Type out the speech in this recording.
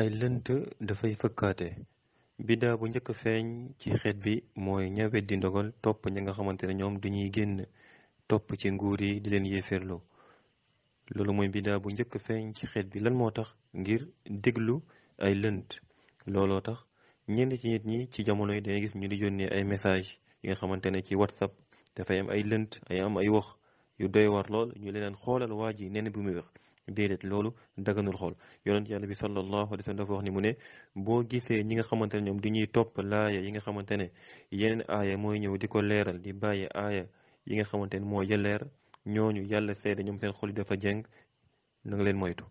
ay lënt dafay fëkkaate biddaa bu njëkk feeñ ci xeet bi mooy ña di ndogal topp ñi nga xamante ne ñoom dañuy génn topp ci nguur yi di leen yéeféerloo loolu mooy biddaa bu njëkk feeñ ci xeet bi lan moo tax ngir déglu ay lënt looloo tax ñenn ci nit ñi ci jamono yi dañuy gis ñu di yónnee ay message yi nga xamante ne ci whatsapp dafay am ay lënt ay am ay wax yu doy war lool ñu leneen xoolal waa ji nen bi muy wax déedéet loolu daganul xool yonent yàlla bi sallallahu alayhi wa sallam dafa wax ni mu ne boo gisee ñi nga xamante ne ñoom di ñuy topp laaya yi nga xamante ne yeneen aaya mooy ñëw di ko leeral di bàyyi aaya yi nga xamante ne moo yëleer ñooñu yàlla seede ñoom seen xol yi dafa jeng na nga leen moytu